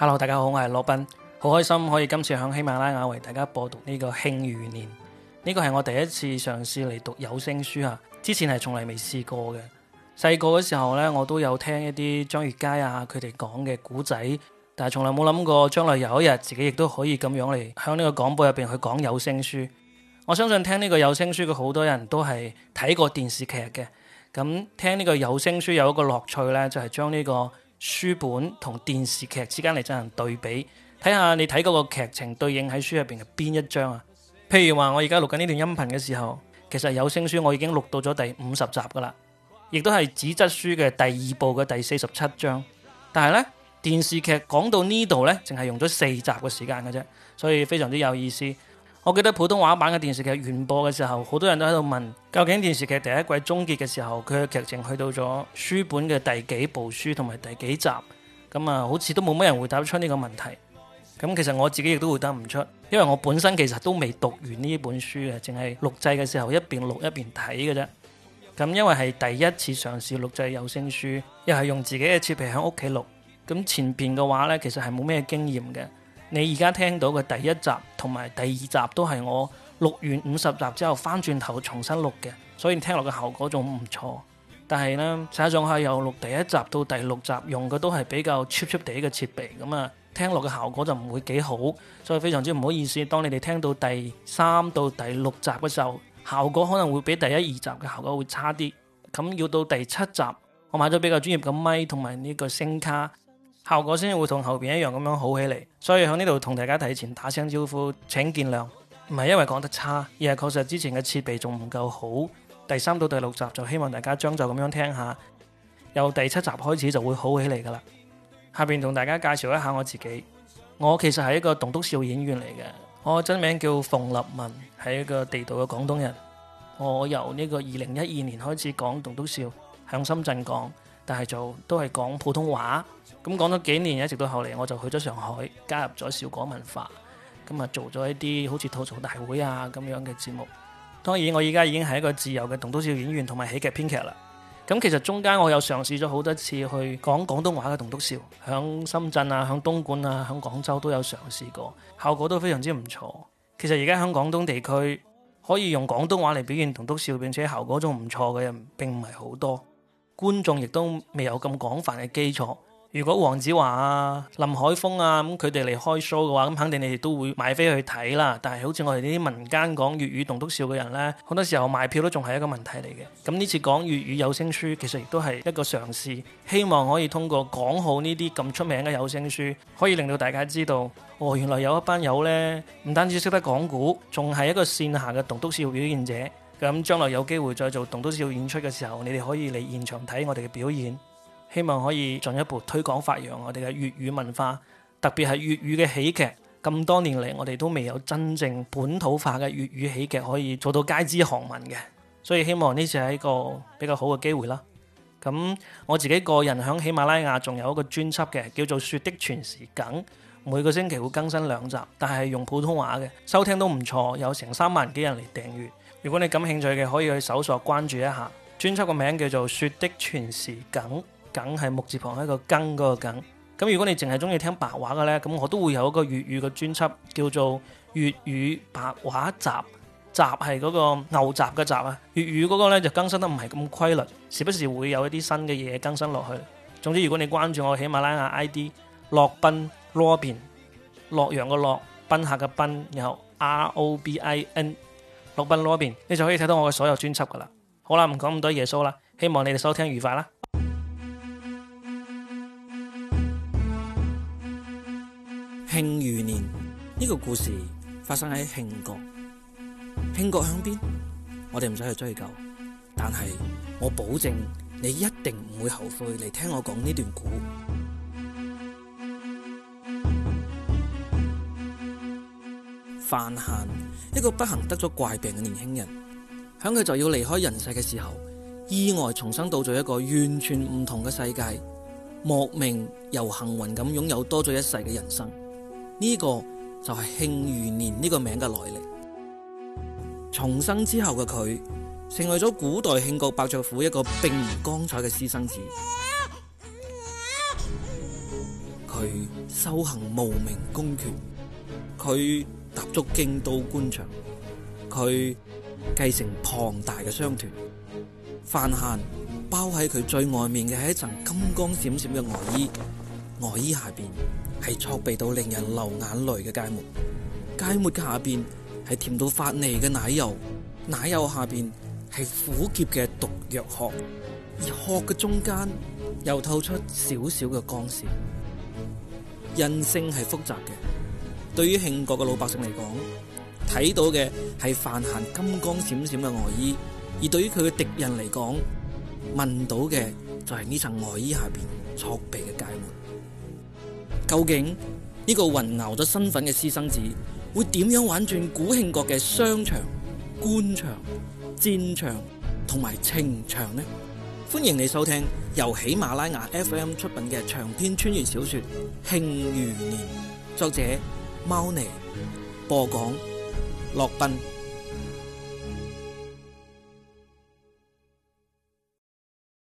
Hello，大家好，我係洛賓，好開心可以今次響喜馬拉雅為大家播讀呢個慶餘年，呢個係我第一次嘗試嚟讀有聲書啊，之前係從來未試過嘅。細個嘅時候呢，我都有聽一啲張悅楷啊佢哋講嘅古仔，但係從來冇諗過將來有一日自己亦都可以咁樣嚟響呢個廣播入邊去講有聲書。我相信聽呢個有聲書嘅好多人都係睇過電視劇嘅，咁聽呢個有聲書有一個樂趣呢，就係將呢個。書本同電視劇之間嚟進行對比，睇下你睇嗰個劇情對應喺書入邊嘅邊一章啊。譬如話我而家錄緊呢段音頻嘅時候，其實有聲書我已經錄到咗第五十集噶啦，亦都係紙質書嘅第二部嘅第四十七章。但係呢，電視劇講到呢度呢，淨係用咗四集嘅時間嘅啫，所以非常之有意思。我記得普通話版嘅電視劇完播嘅時候，好多人都喺度問，究竟電視劇第一季終結嘅時候，佢嘅劇情去到咗書本嘅第幾部書同埋第幾集？咁、嗯、啊，好似都冇乜人回答得出呢個問題。咁、嗯、其實我自己亦都回答唔出，因為我本身其實都未讀完呢本書嘅，淨係錄製嘅時候一邊錄一邊睇嘅啫。咁、嗯、因為係第一次嘗試，試錄製有聲書，又係用自己嘅設備喺屋企錄。咁、嗯、前邊嘅話呢，其實係冇咩經驗嘅。你而家聽到嘅第一集。同埋第二集都係我錄完五十集之後翻轉頭重新錄嘅，所以聽落嘅效果仲唔錯。但係呢，實際上係由錄第一集到第六集用嘅都係比較 cheap cheap 啲嘅設備，咁啊聽落嘅效果就唔會幾好，所以非常之唔好意思。當你哋聽到第三到第六集嘅時候，效果可能會比第一二集嘅效果會差啲。咁要到第七集，我買咗比較專業嘅咪同埋呢個聲卡。效果先會同後邊一樣咁樣好起嚟，所以喺呢度同大家提前打聲招呼，請見諒，唔係因為講得差，而係確實之前嘅設備仲唔夠好。第三到第六集就希望大家將就咁樣聽下，由第七集開始就會好起嚟噶啦。下邊同大家介紹一下我自己，我其實係一個棟篤笑演員嚟嘅，我真名叫馮立文，係一個地道嘅廣東人，我由呢個二零一二年開始講棟篤笑，響深圳講。但係就都係講普通話，咁講咗幾年，一直到後嚟，我就去咗上海，加入咗笑果文化，咁啊做咗一啲好似吐槽大會啊咁樣嘅節目。當然我而家已經係一個自由嘅棟篤笑演員同埋喜劇編劇啦。咁其實中間我有嘗試咗好多次去講廣東話嘅棟篤笑，響深圳啊、響東莞啊、響廣州都有嘗試過，效果都非常之唔錯。其實而家響廣東地區可以用廣東話嚟表現棟篤笑並且效果仲唔錯嘅人，並唔係好多。觀眾亦都未有咁廣泛嘅基礎。如果黃子華啊、林海峰啊咁佢哋嚟開 show 嘅話，咁肯定你哋都會買飛去睇啦。但係好似我哋呢啲民間講粵語棟篤笑嘅人呢，好多時候賣票都仲係一個問題嚟嘅。咁呢次講粵語有聲書，其實亦都係一個嘗試，希望可以通過講好呢啲咁出名嘅有聲書，可以令到大家知道，哦原來有一班友呢，唔單止識得講古，仲係一個線下嘅棟篤笑表演者。咁將來有機會再做《棟篤笑》演出嘅時候，你哋可以嚟現場睇我哋嘅表演。希望可以進一步推廣發揚我哋嘅粵語文化，特別係粵語嘅喜劇。咁多年嚟，我哋都未有真正本土化嘅粵語喜劇可以做到街知巷聞嘅，所以希望呢次係一個比較好嘅機會啦。咁我自己個人響喜馬拉雅仲有一個專輯嘅，叫做《說的全是梗》，每個星期會更新兩集，但係用普通話嘅收聽都唔錯，有成三萬幾人嚟訂閱。如果你感興趣嘅，可以去搜索關注一下。專輯個名叫做《說的全是梗》，梗係木字旁的一個更嗰個梗。咁如果你淨係中意聽白話嘅呢，咁我都會有一個粵語嘅專輯，叫做《粵語白話雜》。雜係嗰個牛雜嘅雜啊。粵語嗰個呢，就更新得唔係咁規律，時不時會有一啲新嘅嘢更新落去。總之，如果你關注我喜馬拉雅 I D，洛賓 Robin，洛陽嘅洛，賓客嘅賓，然後 R O B I N。洛賓路嗰邊，你就可以睇到我嘅所有專輯噶啦。好啦，唔講咁多耶穌啦，希望你哋收聽的愉快啦。慶餘年呢、呢個故事發生喺慶國，慶國響邊，我哋唔使去追究，但係我保證你一定唔會後悔嚟聽我講呢段古。范閒一個不幸得咗怪病嘅年輕人，喺佢就要離開人世嘅時候，意外重生到咗一個完全唔同嘅世界，莫名又幸運咁擁有多咗一世嘅人生。呢、呢個就係慶餘年呢個名嘅來歷。重生之後嘅佢，成為咗古代慶國伯爵府一個並唔光彩嘅私生子。佢修行無名公權，佢。立足京都官場，佢繼承龐大嘅商團，范閑包喺佢最外面嘅係一層金光閃閃嘅外衣，外衣下邊係挫備到令人流眼淚嘅芥末，芥末下邊係甜到發膩嘅奶油，奶油下邊係苦澀嘅毒藥殼，而殼嘅中間又透出少少嘅光線。人性係複雜嘅。對於慶國嘅老百姓嚟講，睇到嘅係范閑金光閃閃嘅外、呃、衣；而對於佢嘅敵人嚟講，問到嘅就係呢層外、呃、衣下邊挫備嘅界門。究竟呢、這個混淆咗身份嘅私生子會點樣玩轉古慶國嘅商場、官場、戰場同埋情場呢？歡迎你收聽由喜馬拉雅 FM 出品嘅長篇穿越小說《慶餘年》，作者。貓膩播講，洛賓。